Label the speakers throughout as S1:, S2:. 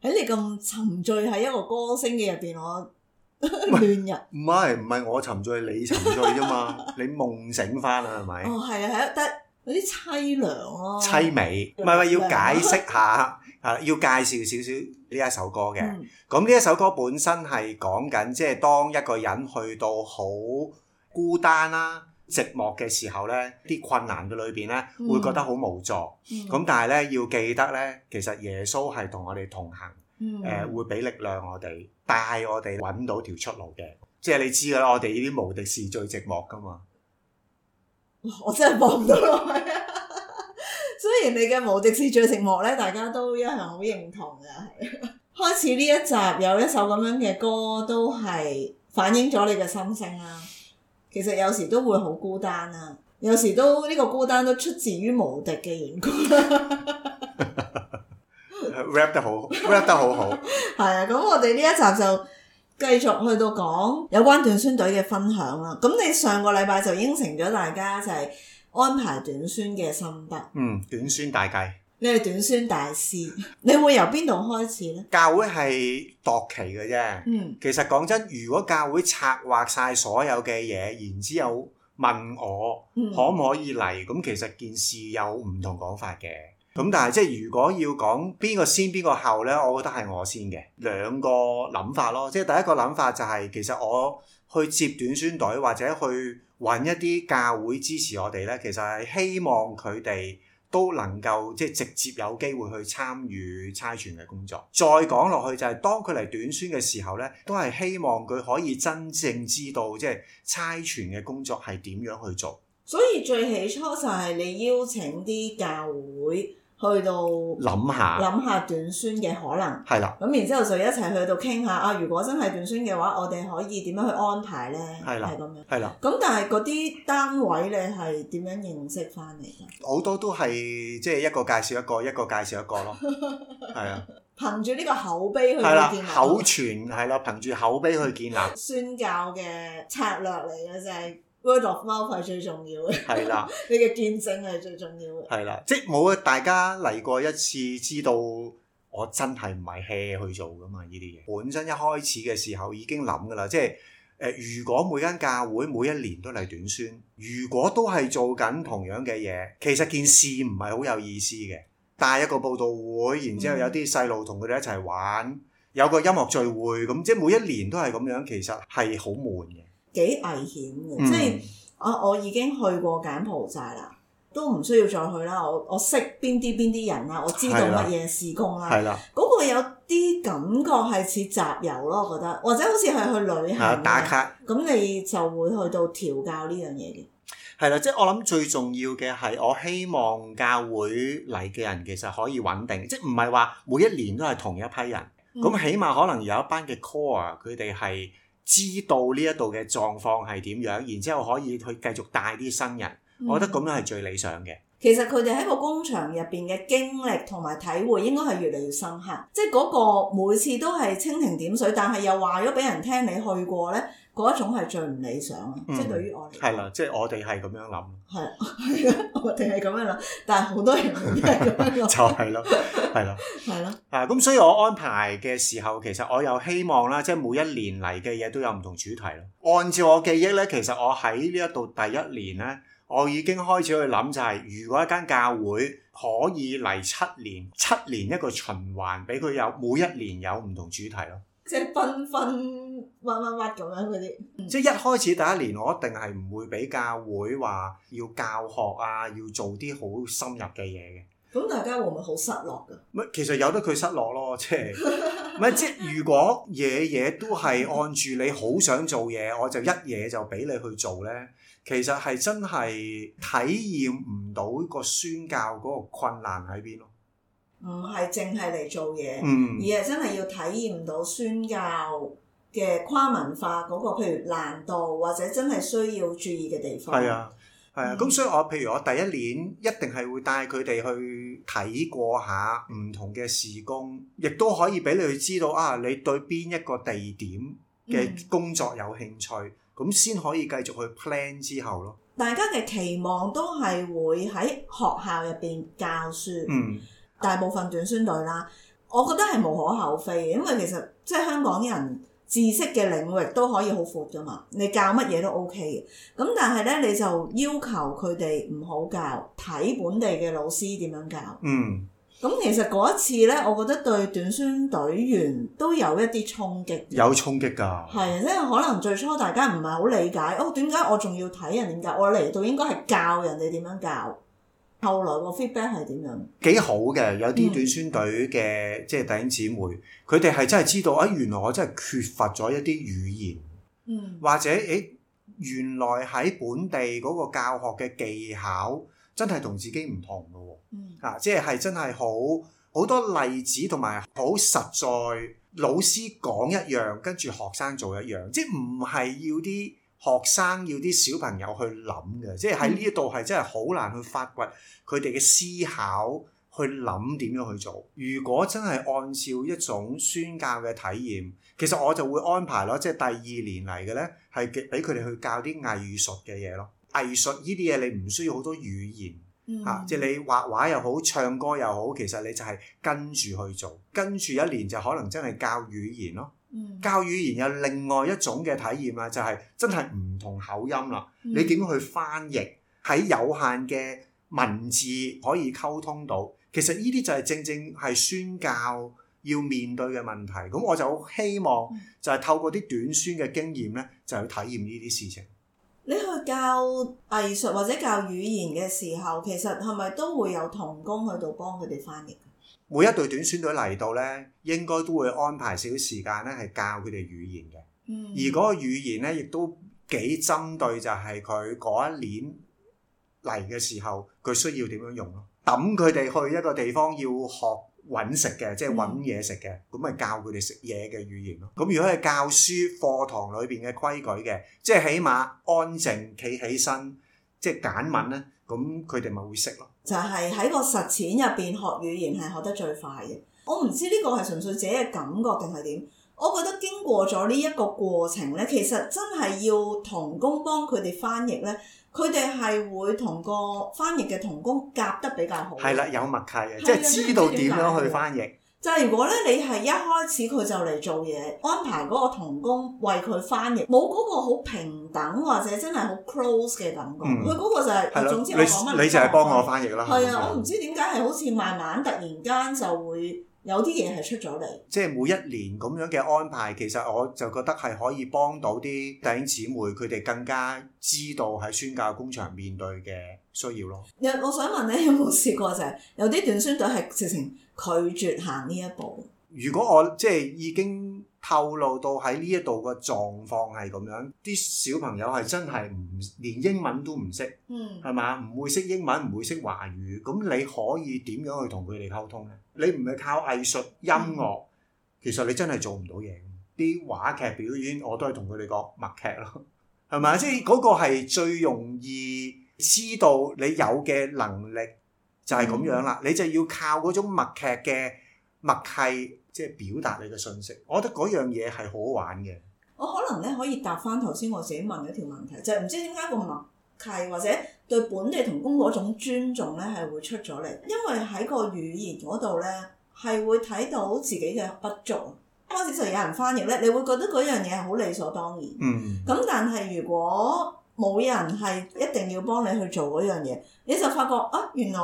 S1: 喺你咁沉醉喺一個歌星嘅入邊，我亂入。
S2: 唔係唔係，我沉醉，你沉醉啫嘛。你夢醒翻啦，係咪？哦，
S1: 係啊，係啊，但係有啲凄涼咯。凄美，
S2: 唔係唔係，要解釋下，啊，要介紹少少呢一首歌嘅。咁呢一首歌本身係講緊，即係當一個人去到好孤單啦。寂寞嘅時候咧，啲困難嘅裏邊咧，會覺得好無助。咁、嗯嗯、但係咧，要記得咧，其實耶穌係同我哋同行，誒、嗯呃，會俾力量我哋，帶我哋搵到條出路嘅。即係你知嘅啦，我哋呢啲無敵是最寂寞噶嘛。
S1: 我真係播唔到落去。雖然你嘅無敵是最寂寞咧，大家都一向好認同嘅。係開始呢一集有一首咁樣嘅歌，都係反映咗你嘅心聲啊。其實有時都會好孤單啊，有時都呢、這個孤單都出自於無敵嘅緣故。
S2: wrap 得好，wrap 得好好。
S1: 係 啊，咁我哋呢一集就繼續去到講有關短宣隊嘅分享啦。咁你上個禮拜就應承咗大家就係安排短宣嘅心得。嗯，
S2: 短宣大計。
S1: 你係短宣大師，你會由邊度開始呢？
S2: 教會係度期嘅啫。嗯，其實講真，如果教會策劃晒所有嘅嘢，然之後問我可唔可以嚟，咁、嗯、其實件事有唔同講法嘅。咁但係即係如果要講邊個先邊個後呢，我覺得係我先嘅兩個諗法咯。即係第一個諗法就係、是、其實我去接短宣隊或者去揾一啲教會支持我哋呢，其實係希望佢哋。都能夠即係、就是、直接有機會去參與差傳嘅工作。再講落去就係、是、當佢嚟短宣嘅時候呢都係希望佢可以真正知道即係差傳嘅工作係點樣去做。
S1: 所以最起初就係你邀請啲教會。去到諗下，諗下短宣嘅可能係啦。咁的然之後就一齊去到傾下啊！如果真係短宣嘅話，我哋可以點樣去安排咧？係啦，係啦。咁但係嗰啲單位咧係點樣認識翻嚟
S2: 㗎？好多都係即係一個介紹一個，一個介紹一個咯，係啊
S1: 的。憑住呢個口碑去建立。口
S2: 傳係咯，憑住口碑去建立。 建立
S1: 宣教嘅策略嚟嘅啫。Word of mouth 係最重要
S2: 嘅，的 你嘅見證係最重要嘅。係啦，即係冇大家嚟過一次，知道我真係唔係 hea 去做噶嘛？呢啲嘢本身一開始嘅時候已經諗噶啦，即係誒、呃。如果每間教會每一年都嚟短宣，如果都係做緊同樣嘅嘢，其實件事唔係好有意思嘅。帶一個佈道會，然之後有啲細路同佢哋一齊玩，嗯、有個音樂聚會咁，即係每一年都係咁樣，其實係好悶嘅。
S1: 幾危險嘅，嗯、即係啊，我已經去過柬埔寨啦，都唔需要再去啦。我我識邊啲邊啲人啦，啊，我知道乜嘢事工啦，啊。係啦，嗰個有啲感覺係似集郵咯，我覺得或者好似係去旅行，啊、打卡。咁你就會去到調教呢樣嘢嘅。
S2: 係啦，即係我諗最重要嘅係，我希望教會嚟嘅人其實可以穩定，即係唔係話每一年都係同一批人。咁、嗯、起碼可能有一班嘅 core，佢哋係。知道呢一度嘅狀況係點樣，然之後可以去繼續帶啲新人，我覺得咁樣係最理想嘅、嗯。
S1: 其實佢哋喺個工場入邊嘅經歷同埋體會應該係越嚟越深刻，即係嗰個每次都係蜻蜓點水，但係又話咗俾人聽你去過呢？嗰一種係最唔理想啊！
S2: 即係對於我嚟講，係啦，即係我哋係咁樣諗。係係
S1: 啊，我哋係咁樣諗，但係好多人
S2: 都唔係咁樣咯。就係咯，係
S1: 咯，
S2: 係咯。啊，咁所以我安排嘅時候，其實我又希望啦，即係每一年嚟嘅嘢都有唔同主題咯。按照我記憶咧，其實我喺呢一度第一年咧，我已經開始去諗就係，如果一間教會可以嚟七年，七年一個循環，俾佢有每一年有唔同主題咯。
S1: 即係分分。挖挖挖咁樣嗰
S2: 啲，即係一開始第一年，我一定係唔會俾教會話要教學啊，要做啲好深入嘅嘢嘅。
S1: 咁大家會唔會好失落噶？
S2: 唔係，其實有得佢失落咯，即係咪即係如果嘢嘢都係按住你好想做嘢，我就一嘢就俾你去做咧，其實係真係體驗唔到個宣教嗰個困難喺邊咯。唔
S1: 係淨係嚟做嘢，嗯，而係真係要體驗到宣教嘅跨文化嗰、那個，譬如難度或者真係需要注
S2: 意嘅地方。係啊，係啊，咁、嗯、所以我譬如我第一年一定係會帶佢哋去睇過下唔同嘅事工，亦都可以俾你去知道啊，你對邊一個地點嘅工作有興趣，咁先、嗯、可以繼續去 plan 之後咯。
S1: 大家嘅期望都係會喺學校入邊教書，嗯，大部分短宣隊啦，我覺得係無可厚非，因為其實即係香港人。知識嘅領域都可以好闊㗎嘛，你教乜嘢都 OK 嘅。咁但係咧，你就要求佢哋唔好教，睇本地嘅老師點樣教。嗯。咁其實嗰一次咧，我覺得對短宣隊員都有一啲衝擊。有
S2: 衝擊㗎。係，
S1: 即係可能最初大家唔係好理解，哦，點解我仲要睇人點教？我嚟到應該係教人哋點樣教。後來個 feedback 係點
S2: 樣？幾好嘅，有啲短宣隊嘅、嗯、即係弟兄姊妹，佢哋係真係知道啊、哎！原來我真係缺乏咗一啲語言，嗯、或者誒，原來喺本地嗰個教學嘅技巧真係同自己唔同咯、哦。嚇、嗯啊，即係係真係好好多例子同埋好實在，老師講一樣，跟住學生做一樣，即係唔係要啲。學生要啲小朋友去諗嘅，即係喺呢度係真係好難去發掘佢哋嘅思考去諗點樣去做。如果真係按照一種宣教嘅體驗，其實我就會安排咯，即係第二年嚟嘅咧，係畀俾佢哋去教啲藝術嘅嘢咯。藝術呢啲嘢你唔需要好多語言吓、嗯啊，即係你畫畫又好、唱歌又好，其實你就係跟住去做，跟住一年就可能真係教語言咯。教語言有另外一種嘅體驗啦，就係真係唔同口音啦。你點去翻譯喺有限嘅文字可以溝通到，其實呢啲就係正正係宣教要面對嘅問題。咁我就好希望就係透過啲短宣嘅經驗咧，就去體驗呢啲事情。
S1: 你去教藝術或者教語言嘅時候，其實係咪都會有同工喺度幫佢哋翻譯？
S2: 每一隊短宣隊嚟到咧，應該都會安排少少時間咧，係教佢哋語言嘅。嗯。而嗰個語言咧，亦都幾針對，就係佢嗰一年嚟嘅時候，佢需要點樣用咯。等佢哋去一個地方要學揾食嘅，即係揾嘢食嘅，咁咪教佢哋食嘢嘅語言咯。咁如果係教書課堂裏邊嘅規矩嘅，即係起碼安靜、企起身、即係簡文咧。咁佢哋咪會識咯，
S1: 就係喺個實踐入邊學語言係學得最快嘅。我唔知呢個係純粹自己嘅感覺定係點。我覺得經過咗呢一個過程咧，其實真係要同工幫佢哋翻譯咧，佢哋係會同個翻譯嘅同工夾得比較好。係
S2: 啦，有默契嘅，即係知道點樣去翻譯。
S1: 就係如果咧，你係一開始佢就嚟做嘢，安排嗰個同工為佢翻譯，冇嗰個好平等或者真係好 close 嘅感覺。佢嗰、嗯、個就係、是，總之、嗯、我講乜。你你就係幫我翻
S2: 譯啦。係啊的，嗯、我唔
S1: 知點解係好似慢慢突然間就會。有啲嘢係出咗嚟，
S2: 即係每一年咁樣嘅安排，其實我就覺得係可以幫到啲弟兄姊妹，佢哋更加知道喺宣教工場面對嘅需要咯。
S1: 有，我想問咧，有冇試過就係有啲短宣隊係直情拒絕行呢一步？
S2: 如果我即係已經。透露到喺呢一度嘅狀況係咁樣，啲小朋友係真係唔連英文都唔識，嗯、係嘛？唔會識英文，唔會識華語，咁你可以點樣去同佢哋溝通咧？你唔係靠藝術音樂，其實你真係做唔到嘢。啲話劇表演我都係同佢哋講默劇咯，係咪？即係嗰個係最容易知道你有嘅能力就係、是、咁樣啦。嗯、你就要靠嗰種默劇嘅默契。即係表達你嘅信息，我覺得嗰樣嘢係好玩嘅。
S1: 我可能咧可以答翻頭先我自己問嗰條問題，就係唔知點解個默契或者對本地同工嗰種尊重咧係會出咗嚟，因為喺個語言嗰度咧係會睇到自己嘅不足。開始就有人翻譯咧，你會覺得嗰樣嘢係好理所當然。嗯，嗯，嗯。咁但係如果冇人係一定要幫你去做嗰樣嘢，你就發覺啊原來。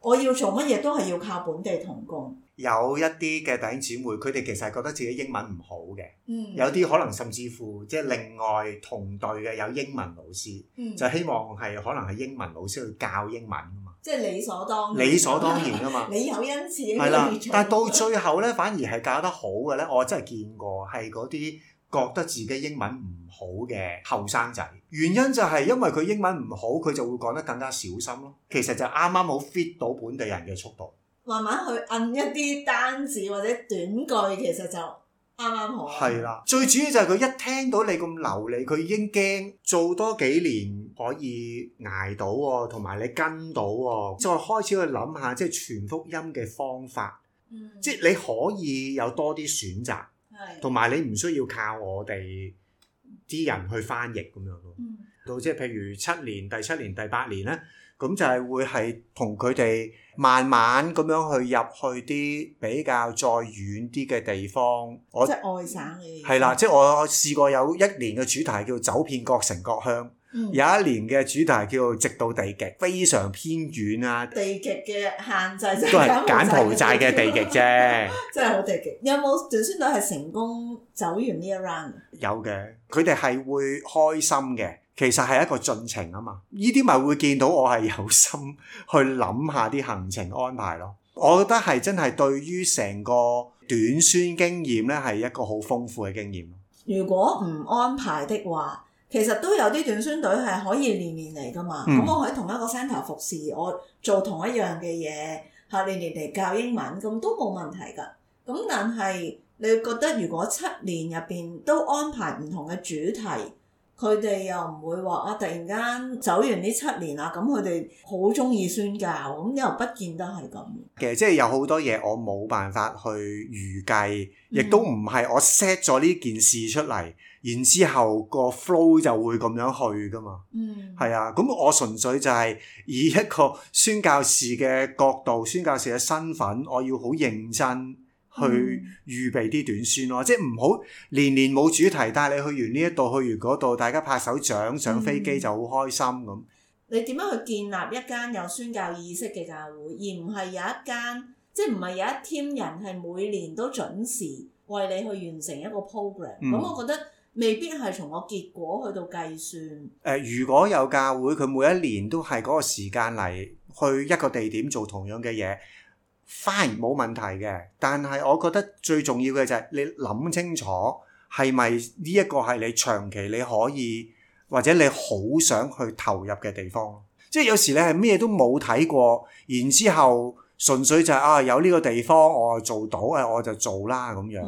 S1: 我要做乜嘢都係要靠本地同工。
S2: 有一啲嘅弟兄姊妹，佢哋其實係覺得自己英文唔好嘅，嗯、有啲可能甚至乎即係、就是、另外同隊嘅有英文老師，嗯、就希望係可能係英文老師去教英文㗎嘛。
S1: 即係理所當然。理所當然啊嘛。 你有恩賜應該要。係啦，但
S2: 係到最後咧，反而係教得好嘅咧，我真係見過係嗰啲，覺得自己英文唔好嘅後生仔，原因就係因為佢英文唔好，佢就會講得更加小心咯。其實就啱啱好 fit 到本地人嘅速度，
S1: 慢慢去摁一啲單字或者短句，其實就啱啱好。
S2: 係啦，最主要就係佢一聽到你咁流利，佢已經驚做多幾年可以捱到喎、哦，同埋你跟到喎、哦，再開始去諗下即係傳福音嘅方法，嗯、即係你可以有多啲選擇。同埋你唔需要靠我哋啲人去翻譯咁樣咯，到即係譬如七年、第七年、第八年咧，咁就係會係同佢哋慢慢咁樣去入去啲比較再遠啲嘅地方，我即係外省嘅。係啦，嗯、即係我試過有一年嘅主題叫走遍各城各鄉。嗯、有一年嘅主題叫做直到地極，非常偏遠啊！
S1: 地極嘅限制就係柬埔寨嘅地極啫。
S2: 極
S1: 真係好地極！有冇短宣隊係成功走完呢一 round？
S2: 有嘅，佢哋係會開心嘅。其實係一個進程啊嘛！呢啲咪會見到我係有心去諗下啲行程安排咯。我覺得係真係對於成個短宣經驗呢，係一個好豐富嘅經驗。
S1: 如果唔安排的話？其實都有啲短宣隊係可以年年嚟㗎嘛，咁、嗯、我喺同一個山頭服侍，我做同一樣嘅嘢，下年年嚟教英文，咁都冇問題㗎。咁但係你覺得如果七年入邊都安排唔同嘅主題？佢哋又唔會話啊，突然間走完呢七年啦，咁佢哋好中意宣教，咁又不見得係咁嘅。
S2: 其實即係有好多嘢我冇辦法去預計，亦都唔係我 set 咗呢件事出嚟，然之後個 flow 就會咁樣去噶嘛。嗯，係啊，咁我純粹就係以一個宣教士嘅角度、宣教士嘅身份，我要好認真。去預備啲短宣咯，嗯、即係唔好年年冇主題，帶你去完呢一度，去完嗰度，大家拍手掌上飛機就好開心咁。嗯、
S1: 樣你點樣去建立一間有宣教意識嘅教會，而唔係有一間即係唔係有一 team 人係每年都準時為你去完成一個 program？咁、嗯、我覺得未必係從個結果去到計算。
S2: 誒、呃，如果有教會佢每一年都係嗰個時間嚟去一個地點做同樣嘅嘢。fine 冇問題嘅，但係我覺得最重要嘅就係你諗清楚係咪呢一個係你長期你可以或者你好想去投入嘅地方。即係有時你係咩都冇睇過，然之後純粹就係啊有呢個地方我做到，誒我就做啦咁樣。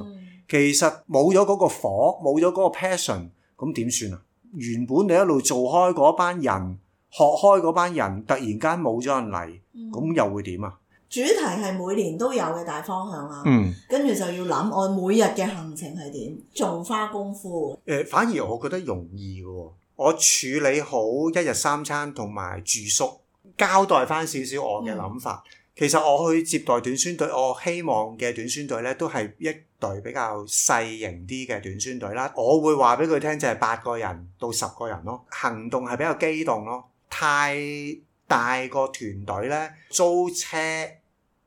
S2: 其實冇咗嗰個火，冇咗嗰個 passion，咁點算啊？原本你一路做開嗰班人，學開嗰班人，突然間冇咗人嚟，咁又會點啊？
S1: 主題係每年都有嘅大方向啦、啊，嗯、跟住就要諗我每日嘅行程係點，做花功夫。
S2: 誒、呃，反而我覺得容易喎、哦，我處理好一日三餐同埋住宿，交代翻少少我嘅諗法。嗯、其實我去接待短宣隊，我希望嘅短宣隊呢都係一隊比較細型啲嘅短宣隊啦。我會話俾佢聽就係八個人到十個人咯，行動係比較機動咯，太大個團隊呢，租車，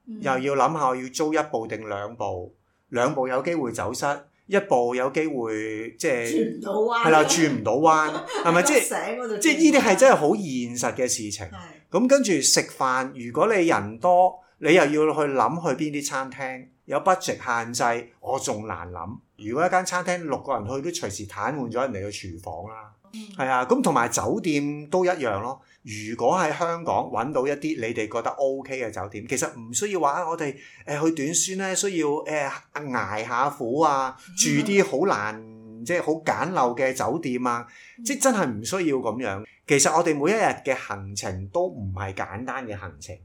S2: 又要諗下要租一部定兩部，兩部有機會走失，一部有機會即係轉唔到
S1: 彎，係啦的，轉
S2: 唔到彎，係咪 即係即係呢啲係真係好現實嘅事情。咁的跟住食飯，如果你人多，你又要去諗去邊啲餐廳，有 budget 限制，我仲難諗。如果一間餐廳六個人去都隨時癱瘓咗人哋嘅廚房啦，係啊、嗯，咁同埋酒店都一樣咯。如果喺香港揾到一啲你哋覺得 OK 嘅酒店，其實唔需要話我哋誒、呃、去短宣咧，需要誒、呃、捱下苦啊，住啲好難即係好簡陋嘅酒店啊，即真係唔需要咁樣。其實我哋每一日嘅行程都唔係簡單嘅行程，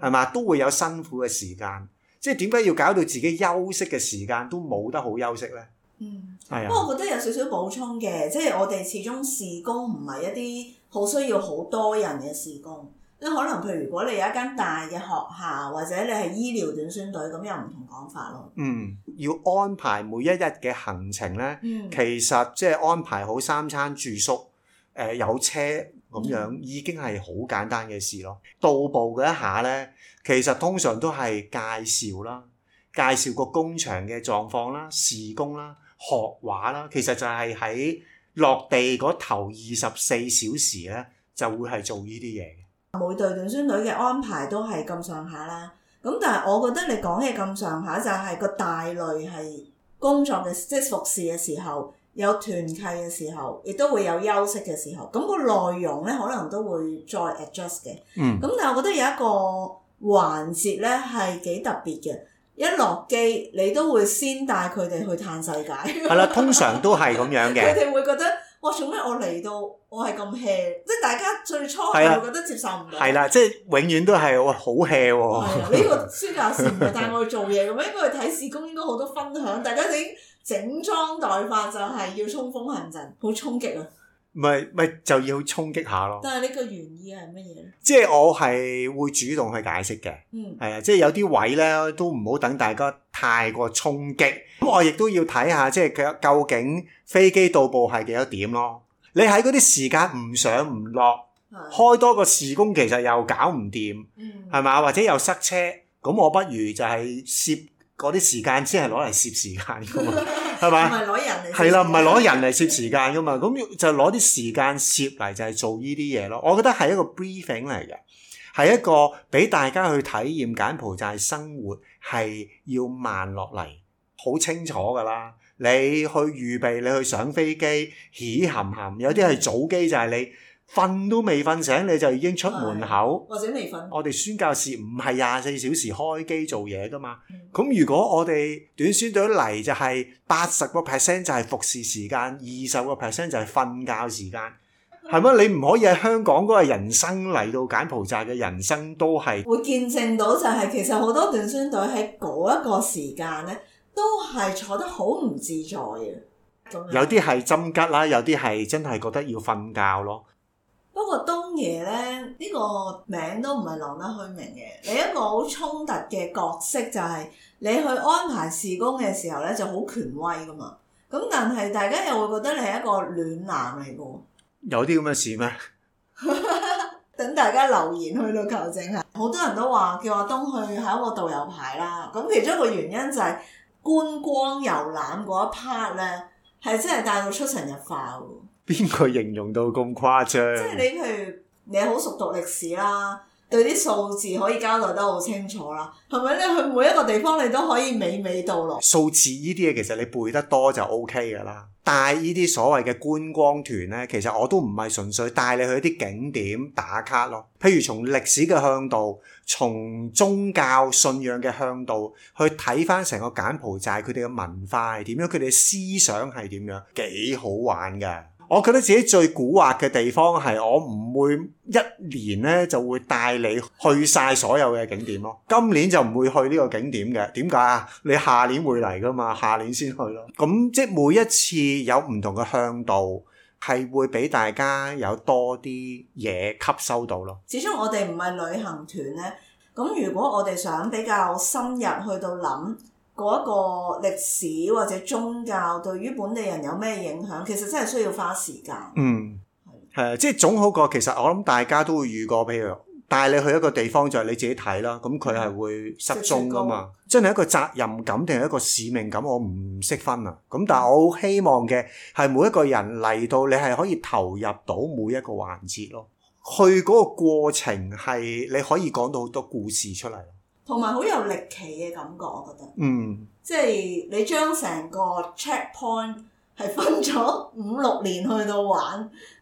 S2: 係嘛，都會有辛苦嘅時間。即係點解要搞到自己休息嘅時間都冇得好休息呢？
S3: 嗯，係。不過我
S1: 覺得有少少補充嘅，哎、呀即係我哋始終事工唔係一啲好需要好多人嘅事工，即可能譬如如果你有一間大嘅學校，或者你係醫療短宣隊，咁有唔同講法咯。嗯，
S2: 要安排每一日嘅行程咧，嗯、其實即係安排好三餐住宿，誒、呃、有車咁樣已經係好簡單嘅事咯。嗯、到步嗰一下咧，其實通常都係介紹啦，介紹個工場嘅狀況啦，事工啦。學畫啦，其實就係喺落地嗰頭二十四小時咧，就會係做呢啲嘢
S1: 嘅。每隊短宣隊嘅安排都係咁上下啦。咁但係我覺得你講嘅咁上下就係個大類係工作嘅，即係服侍嘅時候有團契嘅時候，亦都會有休息嘅時候。咁個內容咧可能都會再 adjust 嘅。嗯。咁但係我覺得有一個環節咧係幾特別嘅。一落機，你都會先帶佢哋去探世界。係啦，
S2: 通常都係咁樣嘅。佢哋
S1: 會覺得，哇！做咩我嚟到，我係咁 hea？即係大家最初係會覺得接受唔到。係
S2: 啦，即係永遠都係，哇！好 hea 喎。係啊，呢、這個宣教
S1: 時唔係帶我去做嘢咁樣，應該去睇施工，應該好多分享。大家已經整裝待發就，就係要衝鋒陷陣，好衝擊啊！
S2: 咪咪就要衝擊下咯，但係
S1: 你個原意係乜嘢
S2: 咧？即係我係會主動去解釋嘅，嗯，係啊，即係有啲位咧都唔好等大家太過衝擊，咁、嗯、我亦都要睇下，即係佢究竟飛機到步係幾多點咯？你喺嗰啲時間唔上唔落，的開多個事工其實又搞唔掂，係嘛、嗯？或者又塞車，咁我不如就係攝嗰啲時間，先係攞嚟攝時間㗎嘛。嗯 係咪？
S1: 係啦，唔係攞
S2: 人嚟攝時間㗎嘛，咁就攞啲時間攝嚟就係做呢啲嘢咯。我覺得係一個 briefing 嚟嘅，係一個俾大家去體驗柬埔寨生活，係要慢落嚟，好清楚㗎啦。你去預備，你去上飛機，起含含，有啲係早機就係你。瞓都未瞓醒，醒，你就已經出門口，或者未瞓。我哋宣教士唔係廿四小時開機做嘢噶嘛，咁、嗯、如果我哋短宣隊嚟就係八十個 percent 就係、是、服侍時間，二十個 percent 就係瞓覺時間，係咪？你唔可以喺香港嗰個人生嚟到柬埔寨嘅人生都係
S1: 會見證到就係、是、其實好多短宣隊喺嗰一個時間咧，都係坐得好唔自在啊！有
S2: 啲係針吉啦，有啲係真係覺得要瞓覺咯。
S1: 東爺咧呢、呢個名都唔係浪得虛名嘅，你一個好衝突嘅角色就係、是、你去安排事工嘅時候咧就好權威噶嘛，咁但係大家又會覺得你係一個暖男嚟噶，
S2: 有啲咁嘅事咩？
S1: 等大家留言去到求證下，好多人都話叫阿東去係一個導遊牌啦，咁其中一個原因就係、是、觀光遊覽嗰一 part 咧係真係帶到出神入化噶。
S2: 邊個形容到咁誇張？即係你
S1: 譬如你好熟讀歷史啦，對啲數字可以交代得好清楚啦，係咪咧？去每一個地方你都可以娓娓道來。
S2: 數字呢啲嘢其實你背得多就 O K 噶啦。但係呢啲所謂嘅觀光團呢，其實我都唔係純粹帶你去一啲景點打卡咯。譬如從歷史嘅向度，從宗教信仰嘅向度去睇翻成個柬埔寨佢哋嘅文化係點樣，佢哋嘅思想係點樣，幾好玩噶～我覺得自己最古惑嘅地方係，我唔會一年咧就會帶你去晒所有嘅景點咯。今年就唔會去呢個景點嘅，點解啊？你下年會嚟㗎嘛？下年先去咯。咁即係每一次有唔同嘅向度，係會俾大家有多啲嘢吸收到咯。
S1: 始終我哋唔係旅行團咧，咁如果我哋想比較深入去到諗。嗰一個歷史或者宗教對於本地人有咩影響？其實真係需要花時
S2: 間。嗯，係即係總好過其實我諗大家都會遇過。譬如帶你去一個地方，就係你自己睇啦。咁佢係會失蹤噶嘛？嗯，真係一個責任感定係一個使命感，我唔識分啊。咁但係我希望嘅係每一個人嚟到，你係可以投入到每一個環節咯。去嗰個過程係你可以講到好多故事出嚟。
S1: 同埋好有歷奇嘅感覺，我覺得，
S2: 嗯，
S1: 即係你將成個 checkpoint 係分咗五六年去到玩，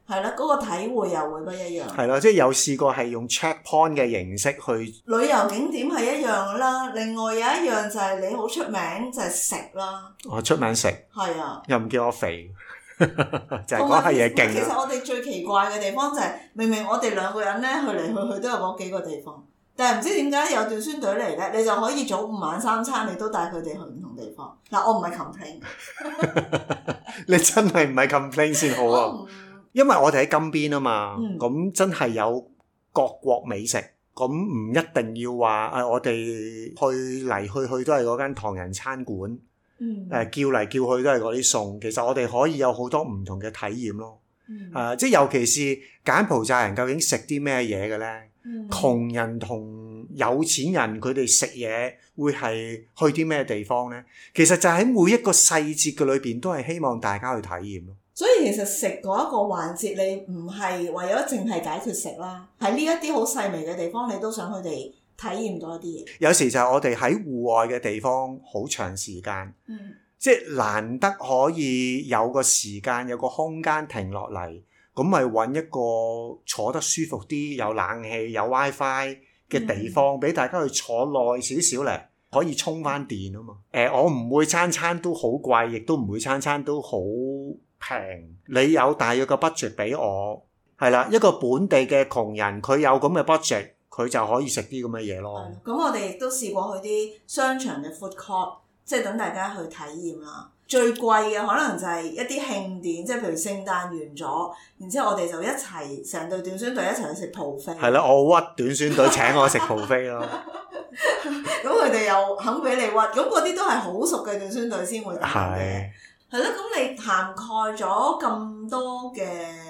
S1: 係咯，嗰、那個體會又會不一樣。係
S2: 咯，即係有試過係用 checkpoint 嘅形式去
S1: 旅遊景點係一樣啦。另外有一樣就係你好出名就係食啦。
S2: 我出名食係啊，的又唔叫我肥， 就係講下嘢勁。其實
S1: 我哋最奇怪嘅地方就係，明明我哋兩個人咧去嚟去去去都有嗰幾個地方。但係唔知點解有短宣隊嚟咧，你就可以早午晚三餐，你都帶佢哋去唔同地方。嗱，我唔係 complain，
S2: 你真係唔係 complain 先好啊！不因為我哋喺金邊啊嘛，咁、嗯、真係有各國美食，咁唔一定要話誒、啊、我哋去嚟去去都係嗰間唐人餐館，誒、嗯、叫嚟叫去都係嗰啲餸。其實我哋可以有好多唔同嘅體驗咯。嗯、啊！即係尤其是柬埔寨人究竟食啲咩嘢嘅咧？嗯、窮人同有錢人佢哋食嘢會係去啲咩地方咧？其實就喺每一個細節嘅裏邊，都係希望大家去體驗咯。
S1: 所以其實食嗰一個環節，你唔係為咗淨係解決食啦。喺呢一啲好細微嘅地方，你都想佢哋體驗多啲嘢。
S2: 有時就係我哋喺戶外嘅地方，好長時間。嗯。即係難得可以有個時間有個空間停落嚟，咁咪揾一個坐得舒服啲、有冷氣、有 WiFi 嘅地方，俾、嗯、大家去坐耐少少咧，可以充翻電啊嘛。誒、呃，我唔會餐餐都好貴，亦都唔會餐餐都好平。你有大約個 budget 俾我，係啦，一個本地嘅窮人，佢有咁嘅 budget，佢就可以食啲咁嘅嘢咯。
S1: 咁、嗯、我哋亦都試過去啲商場嘅 food court 即係等大家去體驗啦，最貴嘅可能就係一啲慶典，即係譬如聖誕完咗，然之後我哋就一齊成隊短宣隊一齊去食 buffet。係
S2: 啦，我屈短宣隊請我食 buffet 咯。
S1: 咁佢哋又肯俾你屈，咁嗰啲都係好熟嘅短宣隊先會嘅。係啦，咁 你涵蓋咗咁多嘅。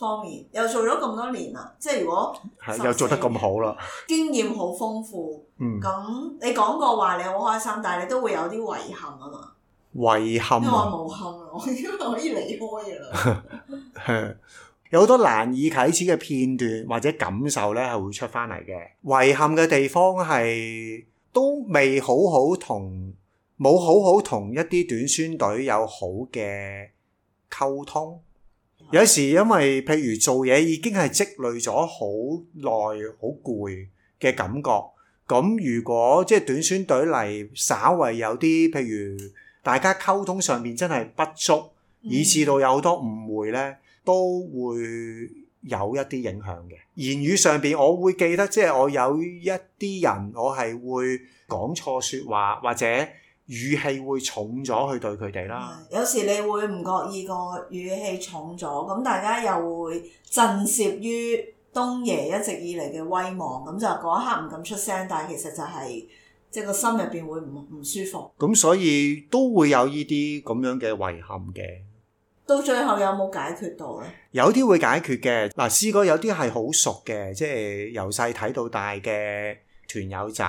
S2: 方面又做咗咁多年啦，即係如果又做得
S1: 咁好啦，經驗好豐富。嗯，咁你講過話你好開心，但係你都會有啲遺，遺憾啊嘛？遺憾因啊，冇憾啊，因
S2: 為我冇憾我已
S1: 經
S2: 可以離開啦。 有好多難以啟齒嘅片段或者感受咧，係會出翻嚟嘅。遺憾嘅地方係都未好好同冇好好同一啲短宣隊有好嘅溝通。有時因為譬如做嘢已經係積累咗好耐、好攰嘅感覺，咁如果即係短宣隊嚟，稍為有啲譬如大家溝通上面真係不足，以致到有好多誤會呢，都會有一啲影響嘅。言語上邊我會記得，即係我有一啲人我係會講錯説話或者。語氣會重咗去對佢哋啦、嗯。有
S1: 時你會唔覺意個語氣重咗，咁大家又會震懾於東爺一直以嚟嘅威望，咁就嗰一刻唔敢出聲，但係其實就係、是、即係個心入邊會唔唔舒服。
S2: 咁所以都會有呢啲咁樣嘅遺憾嘅。
S1: 到最後有冇解決到呢？
S2: 有啲會解決嘅。嗱，師哥有啲係好熟嘅，即係由細睇到大嘅團友仔。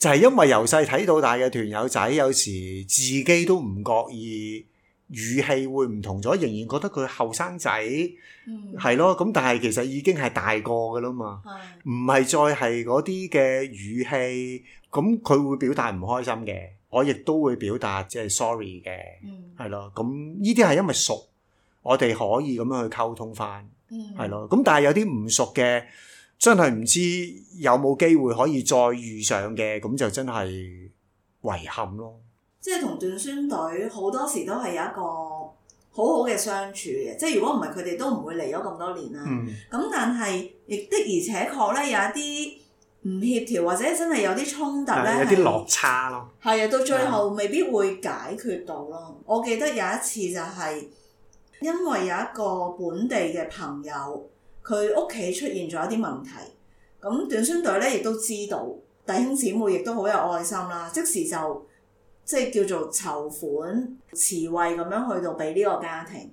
S2: 就係因為由細睇到大嘅團友仔，有時自己都唔覺意語氣會唔同咗，仍然覺得佢後生仔，係、嗯、咯。咁但係其實已經係大個㗎喇嘛，唔係、嗯、再係嗰啲嘅語氣。咁佢會表達唔開心嘅，我亦都會表達即係 sorry 嘅，係、嗯、咯。咁呢啲係因為熟，我哋可以咁樣去溝通返，係、嗯、咯。咁但係有啲唔熟嘅。真係唔知有冇機會可以再遇上嘅，咁就真係遺憾咯。
S1: 即係同短宣隊好多時都係有一個好好嘅相處嘅，即係如果唔係佢哋都唔會嚟咗咁多年啦。咁、嗯、但係亦的而且確咧有一啲唔協調，或者真係有啲衝突咧，有啲落
S3: 差咯。
S1: 係啊，到最後未必會解決到咯。的我記得有一次就係因為有一個本地嘅朋友。佢屋企出現咗一啲問題，咁短宣隊咧亦都知道，弟兄姊妹亦都好有愛心啦，即時就即係、就是、叫做籌款、慈惠咁樣去到俾呢個家庭。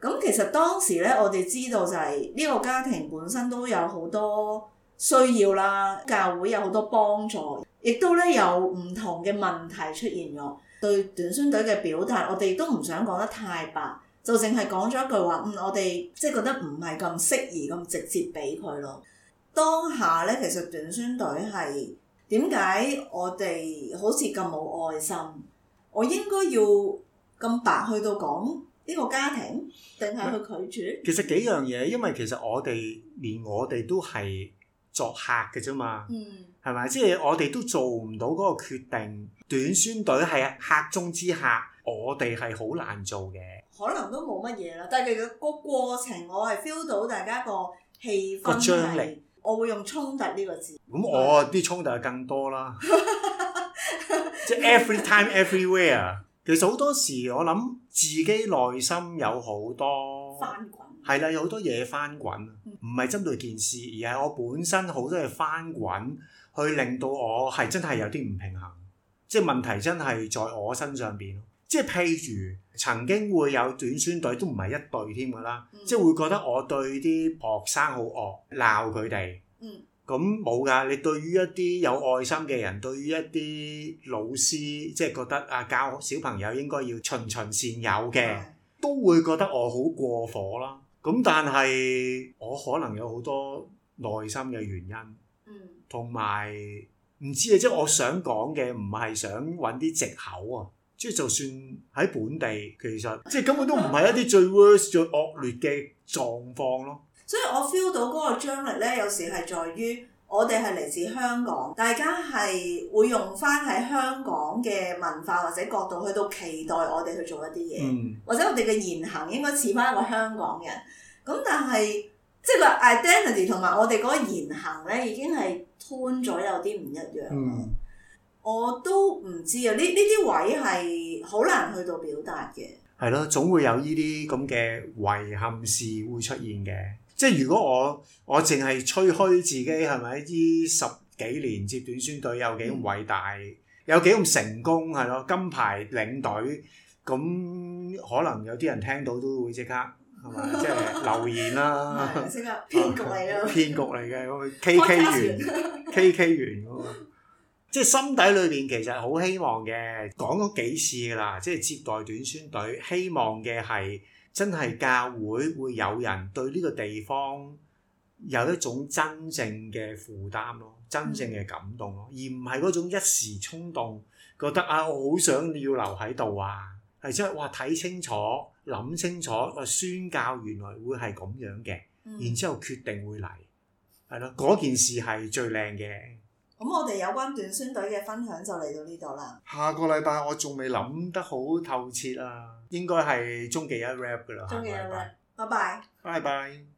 S1: 咁其實當時咧，我哋知道就係、是、呢、這個家庭本身都有好多需要啦，教會有好多幫助，亦都咧有唔同嘅問題出現咗。對短宣隊嘅表達，我哋都唔想講得太白。就淨係講咗一句話，嗯，我哋即係覺得唔係咁適宜咁直接俾佢咯。當下咧，其實短宣隊係點解我哋好似咁冇愛心？我應該要咁白去到講呢個家庭，定係去拒絕？其實幾樣嘢，因為
S2: 其實我哋連我哋都係作客嘅啫嘛，嗯，係咪？即係我哋都做唔到嗰個決定。短宣隊係客中之客，我哋係好難做嘅。
S1: 可能都冇乜嘢啦，但係佢個過程，我係 feel 到大家個氣氛，個張力，我會用衝突呢個
S2: 字。咁我啲衝突係更多啦，即係 every time everywhere。其實好多時我諗自己內心有好多翻滾，係啦，有好多嘢翻滾，唔係針對件事，而係我本身好多嘢翻滾，去令到我係真係有啲唔平衡，即係問題真係在我身上邊。即係譬如，曾經會有短宣隊，都唔係一隊添㗎啦。即係會覺得我對啲學生好惡，鬧佢哋。咁冇㗎，你對於一啲有愛心嘅人，對於一啲老師，即係覺得啊，教小朋友應該要循循善誘嘅，都會覺得我好過火啦。咁但係我可能有好多內心嘅原因，同埋唔知啊，即係我想講嘅，唔係想搵啲藉口啊。即係就算喺本地，其實即係根本都唔係一啲最 worst 最惡劣嘅狀況咯。
S1: 所以我 feel 到嗰個張力咧，有時係在於我哋係嚟自香港，大家係會用翻喺香港嘅文化或者角度去到期待我哋去做一啲嘢，嗯、或者我哋嘅言行應該似翻一個香港人。咁但係即係個 identity 同埋我哋嗰言行咧，已經係 turn 咗有啲唔一樣。嗯我都唔知啊！呢呢啲位係好難去到表達
S2: 嘅。係咯，總會有呢啲咁嘅遺憾事會出現嘅。即係如果我我淨係吹噓自己，係咪呢十幾年接短宣隊有幾咁偉大，嗯、有幾咁成功？係咯，金牌領隊咁，可能有啲人聽到都會即刻
S3: 係嘛，即係
S2: 留言啦、
S3: 啊。即 刻騙
S2: 局嚟咯！騙 局嚟嘅，K K 完，K K 完即係心底裏面其實好希望嘅，講咗幾次啦，即係接待短宣隊，希望嘅係真係教會會有人對呢個地方有一種真正嘅負擔咯，真正嘅感動咯，而唔係嗰種一時衝動，覺得啊我好想要留喺度啊，係即係哇睇清楚、諗清楚，宣教原來會係咁樣嘅，然之後決定會嚟，係咯，嗰件事係最靚嘅。
S1: 咁我哋有關短宣隊嘅分享就嚟到呢度啦。
S2: 下個禮拜我仲未諗得好透徹啊，應該係終極一 rap 㗎啦。終
S1: 極一 rap 拜拜。
S2: 拜拜。